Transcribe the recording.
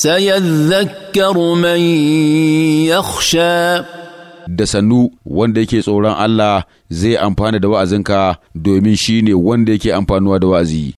سيذكر من يخشى da sannu wanda yake tsoron Allah zai amfana da wa'azinka domin shi ne wanda yake amfanuwa da wa'azi.